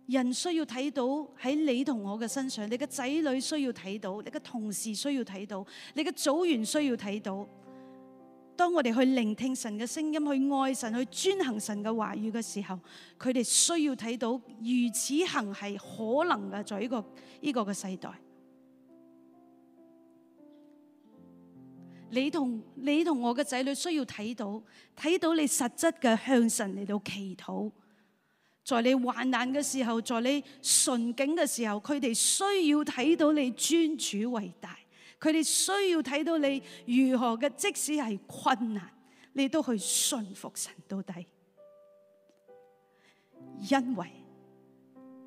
人需要睇到喺你同我嘅身上，你嘅仔女需要睇到，你嘅同事需要睇到，你嘅組員需要睇到。當我哋去聆聽神嘅聲音，去愛神，去遵行神嘅話語嘅時候，佢哋需要睇到如此行係可能嘅，在呢個呢個嘅世代。你同你同我嘅仔女需要睇到，睇到你實質嘅向神嚟到祈禱，在你患難嘅時候，在你順境嘅時候，佢哋需要睇到你尊主為大，佢哋需要睇到你如何嘅即使係困難，你都去信服神到底，因為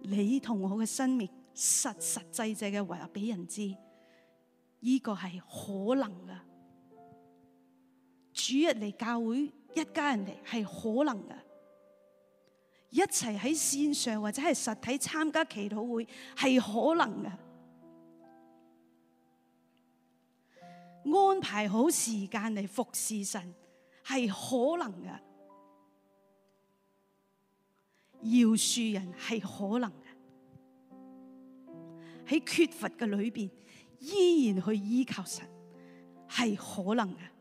你同我嘅生命實實際際嘅話俾人知，呢、呢個係可能噶。主日嚟教會一家人嚟係可能嘅，一齊喺線上或者係實體參加祈禱會係可能嘅，安排好時間嚟服侍神係可能嘅，饒恕人係可能嘅，喺缺乏嘅裏邊依然去依靠神係可能嘅。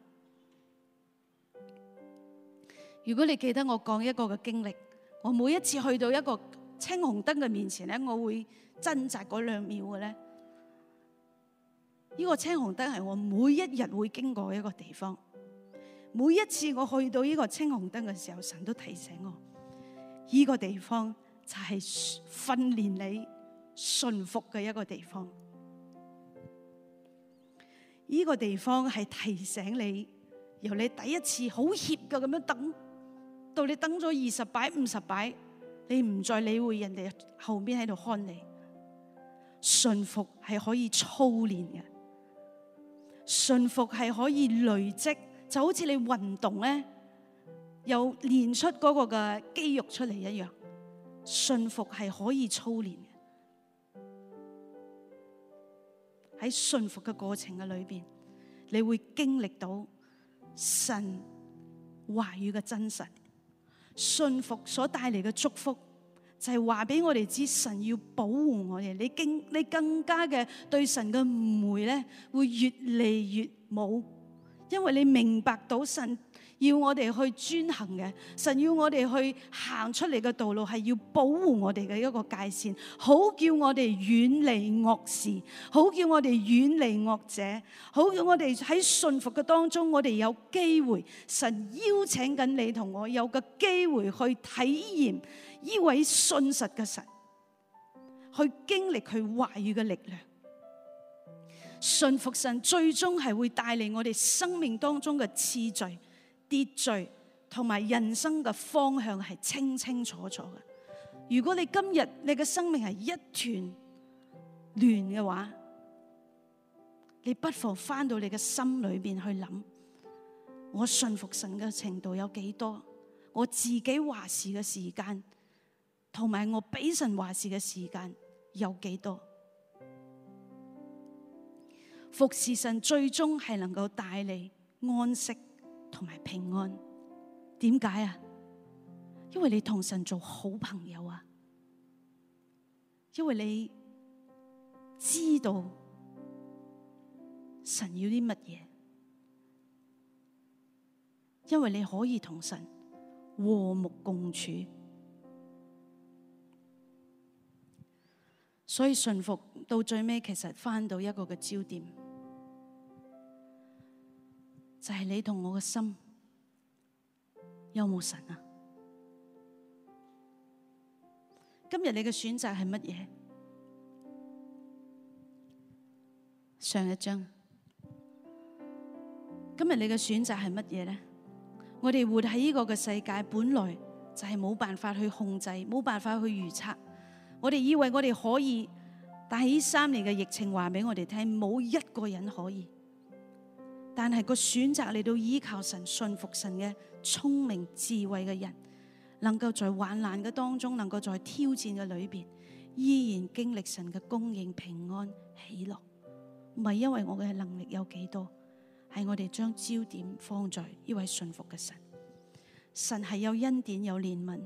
如果你記得我講一個嘅經歷，我每一次去到一個青紅燈嘅面前咧，我會掙扎嗰兩秒嘅咧。呢個青紅燈係我每一日會經過一個地方，每一次我去到呢個青紅燈嘅時候，神都提醒我，呢個地方就係訓練你順服嘅一個地方。呢個地方係提醒你，由你第一次好怯嘅咁樣等。到你等咗二十擺、五十擺，你唔再理會人哋後邊喺度看你。信服係可以操練嘅，信服係可以累積，就好似你運動咧，又練出嗰個嘅肌肉出嚟一樣。信服係可以操練嘅，喺信服嘅過程嘅裏邊，你會經歷到神話語嘅真實。信服所帶嚟嘅祝福，就係話俾我哋知，神要保護我哋。你更你更加嘅對神嘅誤會咧，會越嚟越冇，因為你明白到神。要我哋去遵行嘅，神要我哋去行出嚟嘅道路係要保護我哋嘅一個界線，好叫我哋遠離惡事，好叫我哋遠離惡者，好叫我哋喺信服嘅當中，我哋有機會，神邀請緊你同我有個機會去體驗呢位信實嘅神，去經歷佢話語嘅力量。信服神最終係會帶嚟我哋生命當中嘅次序。秩序同埋人生嘅方向係清清楚楚嘅。如果你今日你嘅生命係一團亂嘅話，你不妨翻到你嘅心裏邊去諗，我信服神嘅程度有幾多？我自己話事嘅時間同埋我俾神話事嘅時間有幾多？服侍神最終係能夠帶你安息。同埋平安，點解啊？因為你同神做好朋友啊，因為你知道神要啲乜嘢，因為你可以同神和睦共處，所以順服到最尾，其實返到一個嘅焦點。就係你同我嘅心有冇神啊？今日你嘅選擇係乜嘢？上一章，今日你嘅選擇係乜嘢咧？我哋活喺呢個嘅世界，本來就係冇辦法去控制，冇辦法去預測。我哋以為我哋可以，但係呢三年嘅疫情話俾我哋聽，冇一個人可以。但係個選擇嚟到依靠神，信服神嘅聰明智慧嘅人，能夠在患難嘅當中，能夠在挑戰嘅裏邊，依然經歷神嘅供應平安喜樂，唔係因為我嘅能力有幾多，係我哋將焦點放在呢位信服嘅神。神係有恩典有憐憫，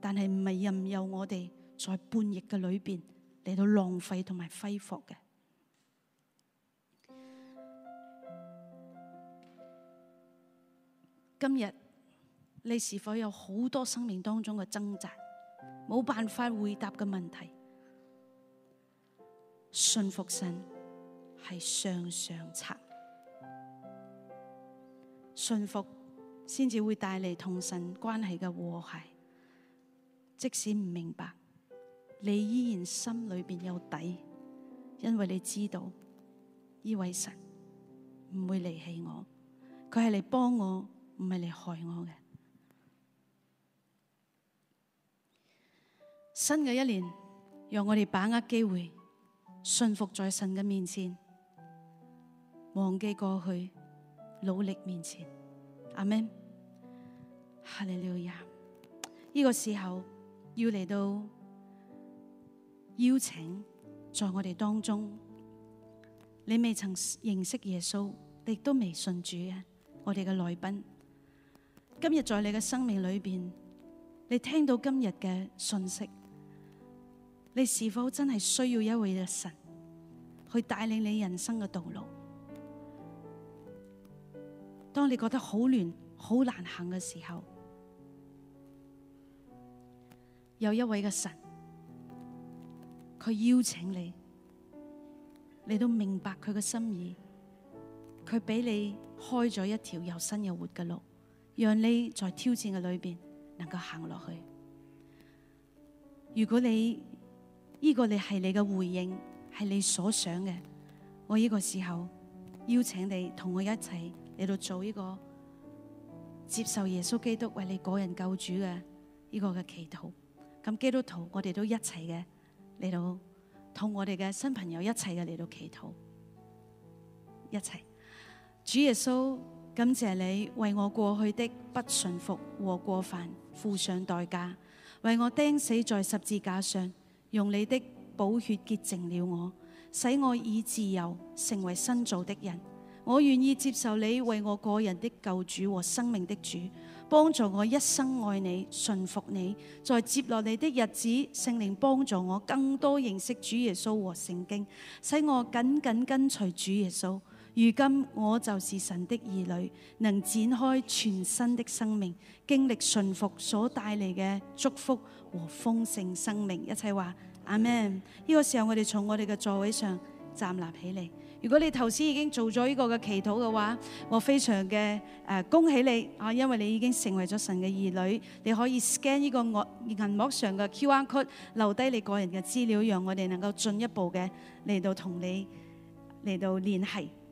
但係唔係任由我哋在叛逆嘅裏邊嚟到浪費同埋揮霍嘅。今日你是否有好多生命當中嘅掙扎，冇辦法回答嘅問題？信服神係上上策，信服先至會帶嚟同神關係嘅和諧。即使唔明白，你依然心裏面有底，因為你知道，呢位神唔會離棄我，佢係嚟幫我。唔係嚟害我嘅。新嘅一年，讓我哋把握機會，信服在神嘅面前，忘記過去，努力面前。阿門，哈利路亞！呢個時候要嚟到邀請，在我哋當中，你未曾認識耶穌，你都未信主嘅，我哋嘅來賓。今日在你嘅生命裏邊，你聽到今日嘅信息，你是否真係需要一位嘅神去帶領你人生嘅道路？當你覺得好亂、好難行嘅時候，有一位嘅神，佢邀請你，你都明白佢嘅心意，佢俾你開咗一條又新又活嘅路。讓你在挑戰嘅裏邊能夠行落去。如果你呢個你係你嘅回應，係你所想嘅，我呢個時候邀請你同我一齊嚟到做呢個接受耶穌基督為你個人救主嘅呢個嘅祈禱。咁基督徒，我哋都一齊嘅嚟到同我哋嘅新朋友一齊嘅嚟到祈禱，一齊主耶穌。感謝你為我過去的不順服和過犯付上代價，為我釘死在十字架上，用你的寶血潔淨了我，使我以自由成為新造的人。我願意接受你為我個人的救主和生命的主，幫助我一生愛你、順服你。在接落來的日子，聖靈幫助我更多認識主耶穌和聖經，使我緊緊跟隨主耶穌。如今我就是神的兒女，能展開全新的生命，經歷順服所帶來的祝福和豐盛生命。一齊話，阿們呢、這個時候我哋從我哋嘅座位上站立起嚟。如果你頭先已經做咗呢個嘅祈禱嘅話，我非常嘅誒、呃、恭喜你啊，因為你已經成為咗神嘅兒女，你可以 scan 呢個銀幕上嘅 QR code，留低你個人嘅資料，讓我哋能夠進一步嘅嚟到同你嚟到聯繫。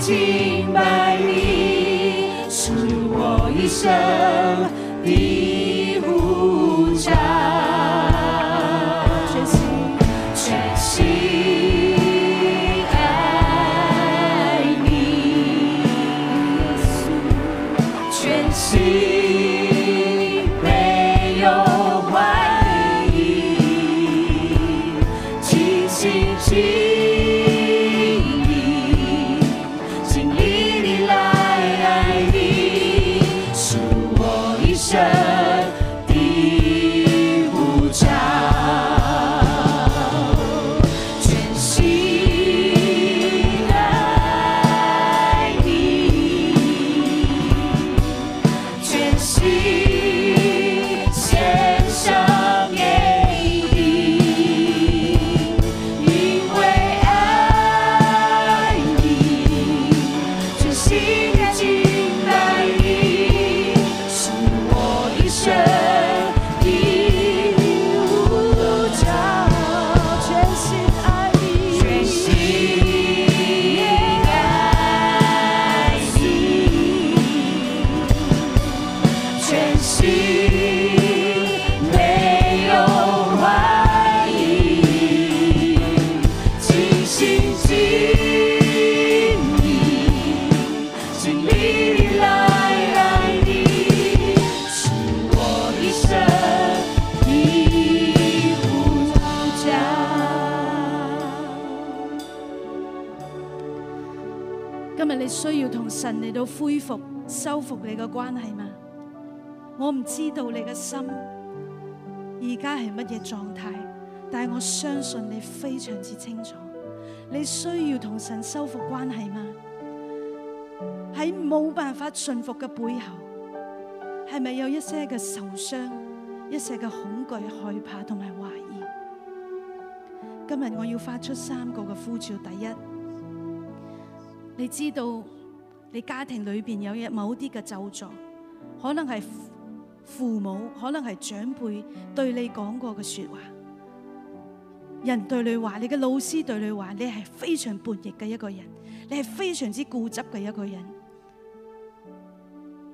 敬拜你是我一生的護長。需要同神嚟到恢復、修復你嘅關係嗎？我唔知道你嘅心而家係乜嘢狀態，但係我相信你非常之清楚，你需要同神修復關係嗎？喺冇辦法順服嘅背後，係咪有一些嘅受傷、一些嘅恐懼、害怕同埋懷疑？今日我要發出三個嘅呼召。第一，你知道。你家庭裏邊有嘢，某啲嘅咒詛，可能係父母，可能係長輩對你講過嘅說話，人對你話，你嘅老師對你話，你係非常叛逆嘅一個人，你係非常之固執嘅一個人。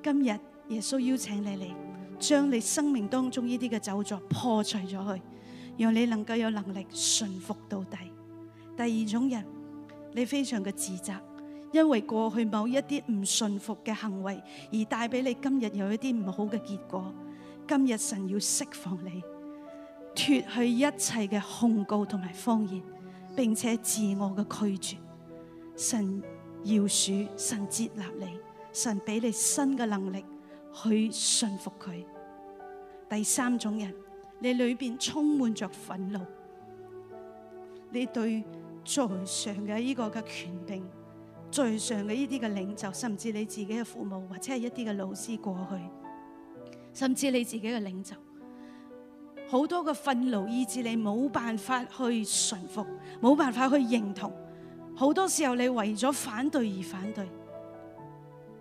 今日耶穌邀請你嚟，將你生命當中呢啲嘅咒詛破除咗去，讓你能夠有能力順服到底。第二種人，你非常嘅自責。因為過去某一啲唔順服嘅行為，而帶俾你今日有一啲唔好嘅結果。今日神要釋放你，脱去一切嘅控告同埋謊言，並且自我嘅拒絕。神饒恕，神接納你，神俾你新嘅能力去順服佢。第三種人，你裏邊充滿着憤怒，你對在上嘅呢個嘅權柄。最上嘅呢啲嘅領袖，甚至你自己嘅父母，或者係一啲嘅老師過去，甚至你自己嘅領袖，好多嘅憤怒，以至你冇辦法去順服，冇辦法去認同，好多時候你為咗反對而反對，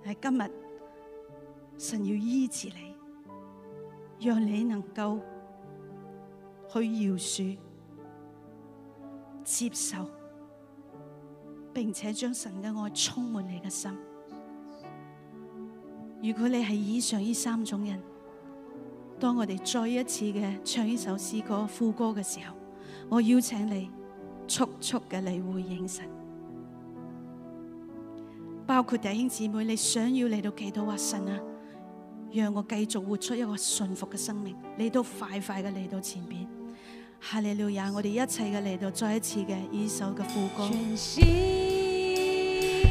係今日神要醫治你，讓你能夠去饒恕、接受。並且將神嘅愛充滿你嘅心。如果你係以上呢三種人，當我哋再一次嘅唱呢首詩歌副歌嘅時候，我邀請你速速嘅嚟回應神。包括弟兄姊妹，你想要嚟到祈禱啊，神啊，讓我繼續活出一個順服嘅生命，你都快快嘅嚟到前邊。哈利路亞！我哋一切嘅嚟到再一次嘅呢首嘅副歌。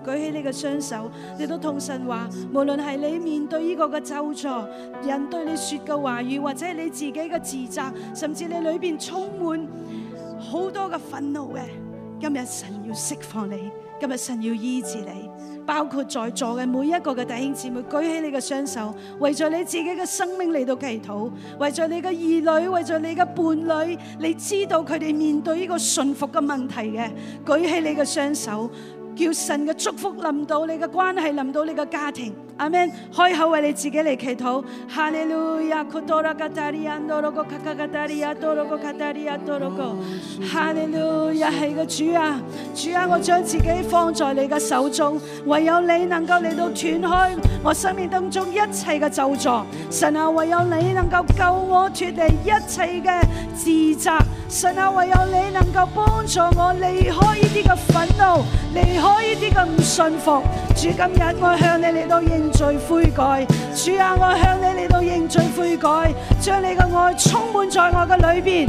舉起你嘅雙手，你都同神話，無論係你面對呢個嘅咒詛、人對你說嘅話語，或者你自己嘅自責，甚至你裏邊充滿好多嘅憤怒嘅。今日神要釋放你，今日神要醫治你，包括在座嘅每一個嘅弟兄姊妹，舉起你嘅雙手，為咗你自己嘅生命嚟到祈禱，為咗你嘅兒女，為咗你嘅伴侶，你知道佢哋面對呢個順服嘅問題嘅，舉起你嘅雙手。要神嘅祝福臨到你嘅關係，臨到你嘅家庭。阿門，開口為你自己嚟祈禱。哈利路亞，庫多拉卡達利亞多羅戈卡卡卡達利亞多羅戈卡達利亞多羅戈。哈利路亞，係個主啊，主啊，我將自己放在你嘅手中，唯有你能夠嚟到斷開我生命當中一切嘅咒詛。神啊，唯有你能夠救我脱離一切嘅自責。神啊，唯有你能夠幫助我離開呢啲嘅憤怒，離開呢啲嘅唔順服。主今日，我向你嚟到認罪悔改，主啊，我向你你都認罪悔改，將你個愛充滿在我個裏邊。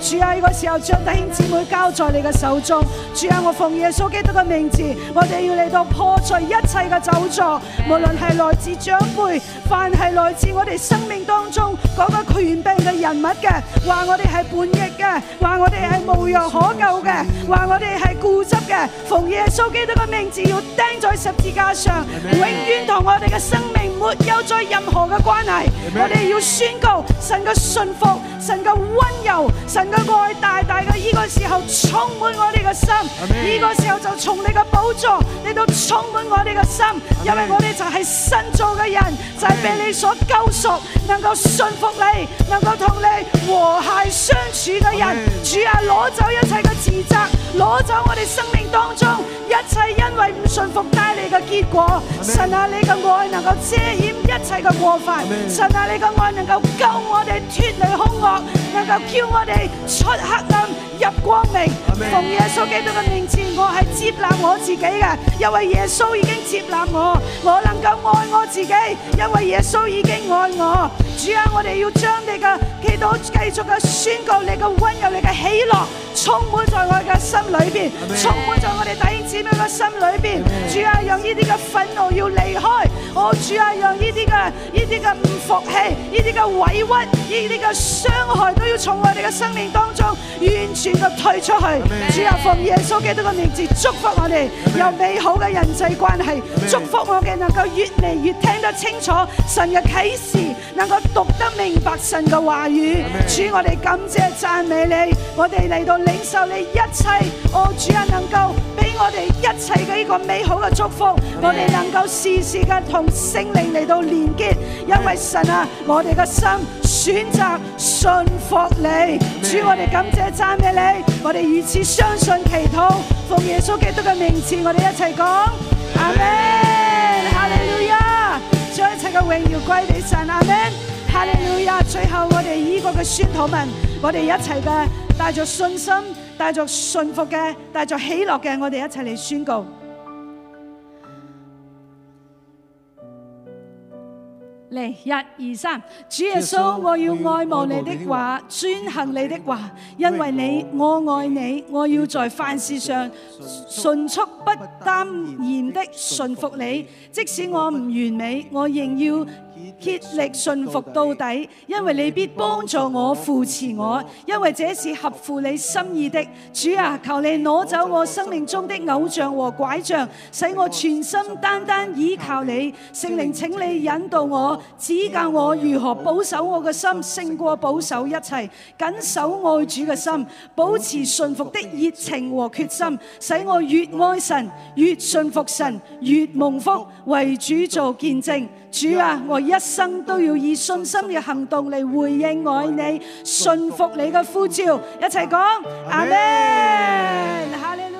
主啊，呢個時候將弟兄姊妹交在你嘅手中。主啊，我奉耶穌基督嘅名字，我哋要嚟到破除一切嘅咒詛，Amen. 無論係來自長輩，凡係來自我哋生命當中嗰，那個權柄嘅人物嘅，話我哋係叛逆嘅，話我哋係無藥可救嘅，話我哋係固執嘅，奉耶穌基督嘅名字要釘在十字架上，Amen. 永遠同我哋嘅生命沒有再任何嘅關係。我哋要宣告神嘅信服，神嘅溫柔，神神嘅愛大大嘅，呢、這個時候充滿我哋嘅心，呢、這個時候就從你嘅寶座，你都充滿我哋嘅心，Amen，因為我哋就係新造嘅人，Amen，就係、是、被你所救贖，能夠信服你，能夠同你和諧相處嘅人。Amen，主啊，攞走一切嘅自責，攞走我哋生命當中一切因為唔信服帶嚟嘅結果。Amen，神啊，你嘅愛能夠遮掩一切嘅過犯，神啊，你嘅愛能夠救我哋脫離凶惡，能夠叫我哋。Amen 出黑暗入光明，逢耶穌基督嘅面前，我係接納我自己嘅，因為耶穌已經接納我，我能夠愛我自己，因為耶穌已經愛我。主啊，我哋要將你嘅祈禱繼續嘅宣告，你嘅溫柔，你嘅喜樂，充滿在我嘅心裏邊，充滿在我哋弟兄姊妹嘅心裏邊。主啊，讓呢啲嘅憤怒要離開，我、哦、主啊，讓呢啲嘅呢啲嘅唔服氣，呢啲嘅委屈，呢啲嘅傷害，傷害，傷害都要從我哋嘅生命。當中完全嘅退出去，Amen. 主啊，奉耶穌基督嘅名字祝福我哋，有美好嘅人際關係，Amen. 祝福我哋能夠越嚟越聽得清楚神嘅啟示，能夠讀得明白神嘅話語。Amen. 主，我哋感謝讚美你，我哋嚟到領受你一切。我主啊，能夠。我哋一切嘅呢個美好嘅祝福，Amen、我哋能夠時時間同聖靈嚟到連結、Amen，因為神啊，我哋嘅心選擇信服你，Amen、主我哋感謝讚美你，我哋如此相信祈禱，奉耶穌基督嘅名字，我哋一齊講阿門，哈利路亞，將一切嘅榮耀歸畀神，阿門，哈利路亞。最後我哋呢個嘅宣禱文，我哋一齊嘅帶着信心。帶着信服嘅，帶着喜樂嘅，我哋一齊嚟宣告。嚟一二三，主耶穌，我要愛慕你的話，遵行你的話，你的話因，因為你，我愛你，我要在凡事上迅速不擔嚴的順服你，即使我唔完美，我仍要，竭力順服到底，因為你必幫助我扶持我，因為這是合乎你心意的。主啊，求你攞走我生命中的偶像和拐杖，使我全心單單倚靠你。聖靈，請你引導我，指教我如何保守我嘅心，勝過保守一切，緊守愛主嘅心，保持順服的熱情和決心，使我越愛神，越順服神，越蒙福，為主做見證。主啊，我一生都要以信心嘅行動嚟回應愛你、信服你嘅呼召，一齊講阿們。阿們。